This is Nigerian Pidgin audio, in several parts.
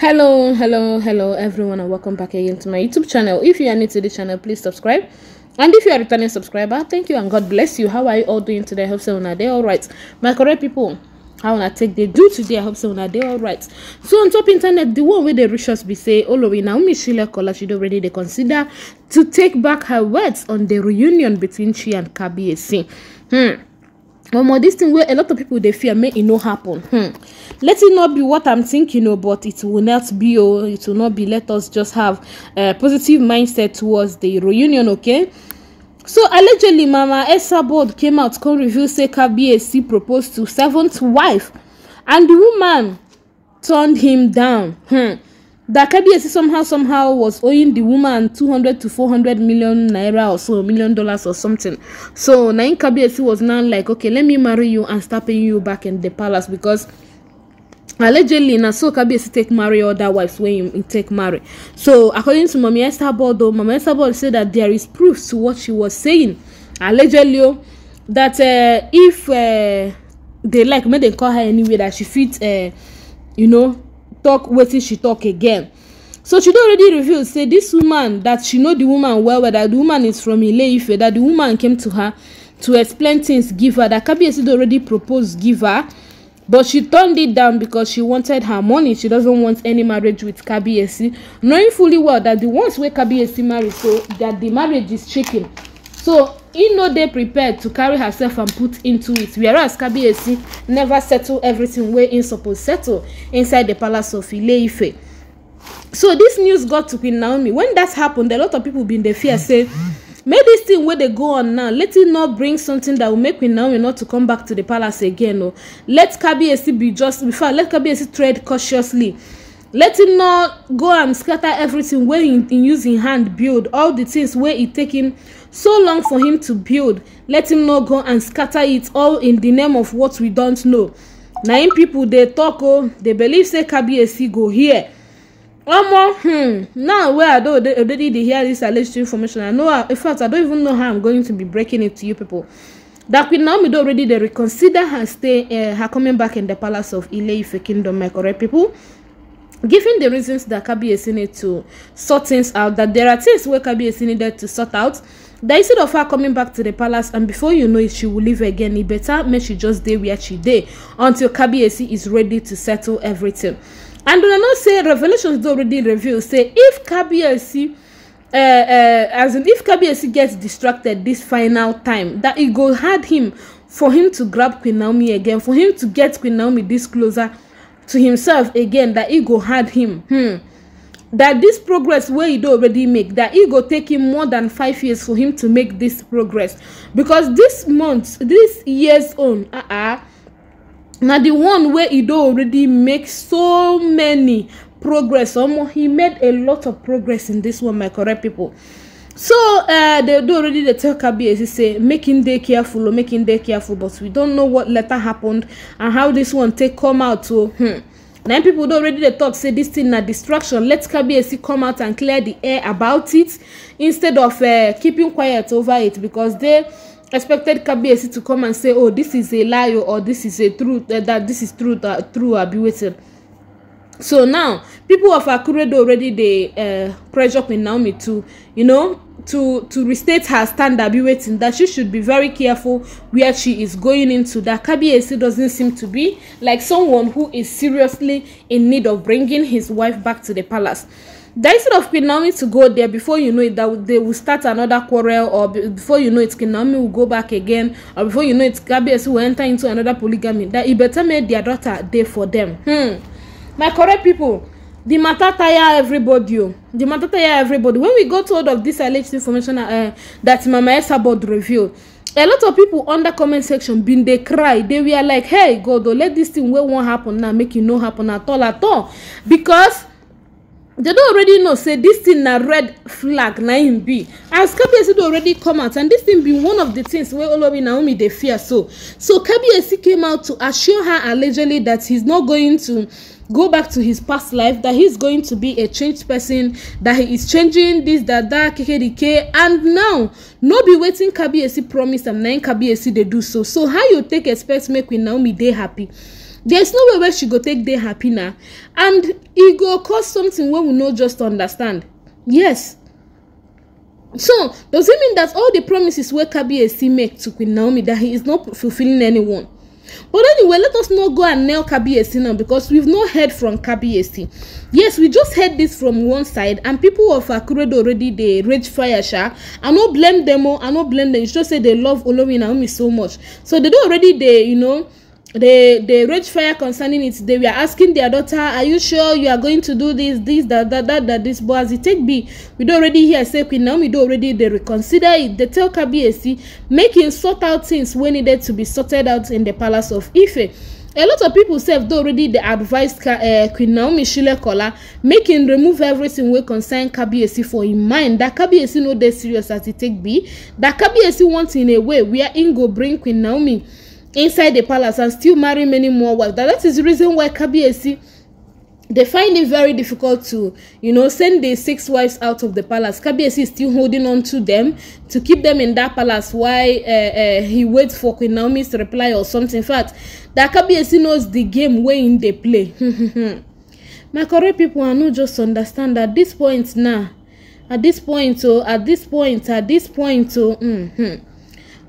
hello hello hello everyone and welcome back again to my youtube channel if you are new to the channel please subscribe and if you are a returning subscriber thank you and god bless you how are you all doing today i hope so are they all right my correct people how wanna take they do today i hope so are they all right so on top internet the one where the richest be say all over naomi sheila kola should already they consider to take back her words on the reunion between she and kabi hmm omo this thing wey a lot of people dey fear may e no happen hmm let it not be what i'm thinking o oh, but it will not be o oh, it will not be let us just have a positive mindset towards the reunion okay so allegedly mama esabod came out come reveal say kabiyesi proposed to seventh wife and the woman turned him down hmm That KBSC somehow somehow was owing the woman 200 to 400 million naira or so, million dollars or something. So Nain KBSC was now like, okay, let me marry you and start paying you back in the palace because allegedly Nasa so take marry other wives when you take marry so according to mami esther board though esther board said that there is proof to what she was saying allegedly oh, that uh, if uh, they like make they call her anyway that she fit uh, you know talk wetin she talk again so she don already reveal say this woman that she know the woman well well that di woman is from ileife that the woman came to her to explain things give her that kabiyesi don already propose give her but she turned it down because she wanted her money she doesn't want any marriage with kabiyesi knowing fully well that the ones wey kabiyesi marry so that the marriage is shaking so e no dey prepared to carry herself and put into it whereas kabiyesi never settle everything wey im suppose settle inside the palace of ile so dis news got to queen naomi wen dat happen a lot of pipo bin dey fear say "May dis thing wey dey go on now let it not bring something that will make queen naomi not to come back to di palace again o oh. let kabiyesi be just before let kabiyesi tread cautiously let him not go and scatter everything wey he use him hand build all the things wey e take him so long for him to build let him not go and scatter it all in the name of what we don't know na him people dey talk o oh, dey believe say kabiyesi go hear omo um, hmm now wey i don already dey hear this alleged information i know how in fact i don't even know how i'm going to be breaking it to you people that queen naomi don already dey reconsider her stay uh, her coming back in the palace of ile ife kingdom my correct people given the reasons that kabiyesi need to sort things out that there are things where kabiyesi needed to sort out that instead of her coming back to the palace and before you know it she will leave again It better make she just dey where she dey until kabiyesi is ready to settle everything and una not say revelations don already reveal say if kabiyesi uh, uh, eh, as in if kabiyesi gets distracted this final time that it go hard him for him to grab queen naomi again for him to get queen naomi this closer to himself again that e go hard him hmm. that this progress wey e don already make that e go take him more than five years for him to make this progress because this month this year's own ah uh ah -uh, na the one wey e don already make so many progress omo he made a lot of progress in this one my correct people so uh, they do already they tell kbac say making day careful or oh, making day careful but we don't know what letter happened and how this one take come out to oh. hmm. nine people don already dey talk say this thing na distraction let kabiyesi come out and clear the air about it instead of uh, keeping quiet over it because they expected kabiyesi to come and say oh this is a lie oh, or this is a truth uh, that this is truth uh, true abi wetin so now people of akure don already dey uh, pressure queen naomi to you know to to restate her stand be wetin that she should be very careful where she is going into that kabiyesi doesn't seem to be like someone who is seriously in need of bringing his wife back to the palace that instead of queen naomi to go there before you know it that they will start another quarrel or before you know it queen naomi will go back again or before you know it kabiyesi will enter into another polygamy that e better make their daughter dey for them hmm my correct people the matter tire everybody o oh. the matter tire everybody when we got hold of this alleged information uh, that mama esabod reveal, a lot of people under comment section bin dey cry they were like hey god o oh, let this thing wey wan happen now make e no happen at all at all because they don already know say this thing na red flag na im be as kabiyesi don already come out and this thing be one of the things wey olori naomi dey fear so so kabiyesi came out to assure her allegedly that he's not going to go back to his past life that he's going to be a changed person that he is changing this that that kkdk and now no be wetin kabiyesi promise am na im kabiyesi dey do so so how you take expect make queen naomi dey happy there's no way wey she go take dey happy na and e go cause something wey we no just understand yes so does it mean that all the promises wey kabiyesi make to queen naomi that he is not fulfilling anyone But anyway, let us not go and nail Kabiyesi now because we've not heard from Kabiyesi. Yes, we just heard this from one side, and people of Akurede already dey rage fire sha. I no blame them o, oh. I no blame them. It's just say they love Olomi Naomi so much. So they don already dey, you know they they rage fire concerning it they were asking their daughter are you sure you are going to do this this that that that, that this but as it take be we don already hear say queen naomi don already dey reconsider it They tell kabiyesi make him sort out things wey needed to be sorted out in the palace of ife a lot of people sef don already dey advise uh, eh, queen naomi shilekola make him remove everything wey concern kabiyesi for him mind that kabiyesi no dey serious as e take be that kabiyesi want in a way where him go bring queen naomi inside the palace and still marry many more wives. That, that is the reason why Kabiyesi they find it very difficult to you know send the six wives out of the palace kabiyesi is still holding on to them to keep them in that palace while uh, uh, he waits for queen naomi's reply or something in fact that kabiyesi knows the game wey im dey play my correct people i no just understand at this point now at this point oh at this point at this point oh mm -hmm.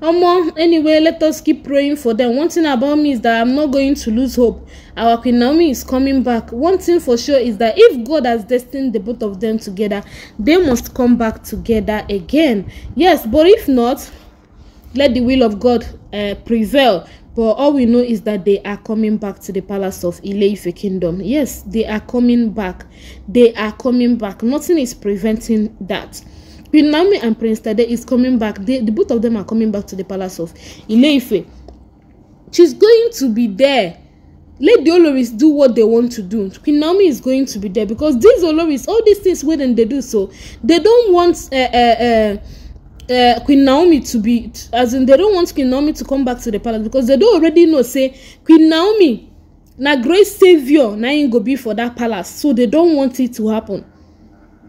Omo, anyway, let us keep praying for them. One thing about me is that I'm not going to lose hope. Our Queen Naomi is coming back. One thing for sure is that if God has destined the both of them together, they must come back together again. Yes, but if not, let the will of God uh, prevail. But all we know is that they are coming back to the palace of ile kingdom. Yes, they are coming back. They are coming back. Nothing is preventing that. Naomi and Prince Tade is coming back. They, the both of them are coming back to the palace of ile She's going to be there. Let the Oloris do what they want to do. Queen Naomi is going to be there because these Oloris, all these things wey dem dey do so, they don't want uh, uh, uh, uh, Queen Naomi to be, as in they don't want Queen Naomi to come back to the palace because they don already know say Queen Naomi na great savior na im go be for that palace so they don't want it to happen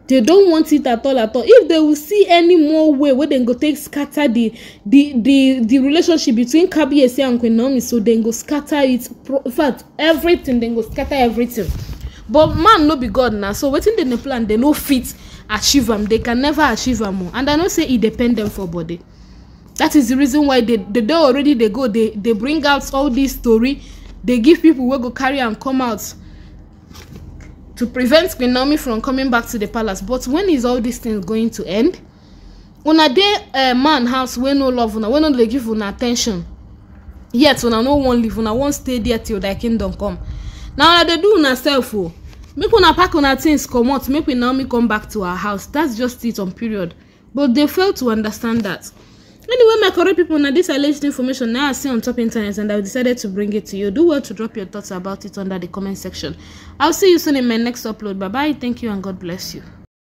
they don't want it at all at all if they will see any more way wey dem go take scatter the the the the relationship between kabiyesi and queen naomi so dem go scatter it pro in fact everything dem go scatter everything but man no be god na so wetin dem dey plan dem no fit achieve am they can never achieve am o and i know say e depend dem for body that is the reason why they they don already dey go they they bring out all this story dey give people wey go carry am come out to prevent Queen Naomi from coming back to the palace. But when is all these things going to end? Una dey uh, man house wey no love una, wey no dey give una attention. Yet una no wan leave, una wan stay there till their kingdom come. Na una dey do una self o. Make una pack una things comot, make Queen Naomi come back to her house. That's just it on period. But they fail to understand that anyway my correct people na this alleged information na i see on top internet and i decided to bring it to you do well to drop your thoughts about it under the comment section i'll see you soon in my next upload bye bye thank you and god bless you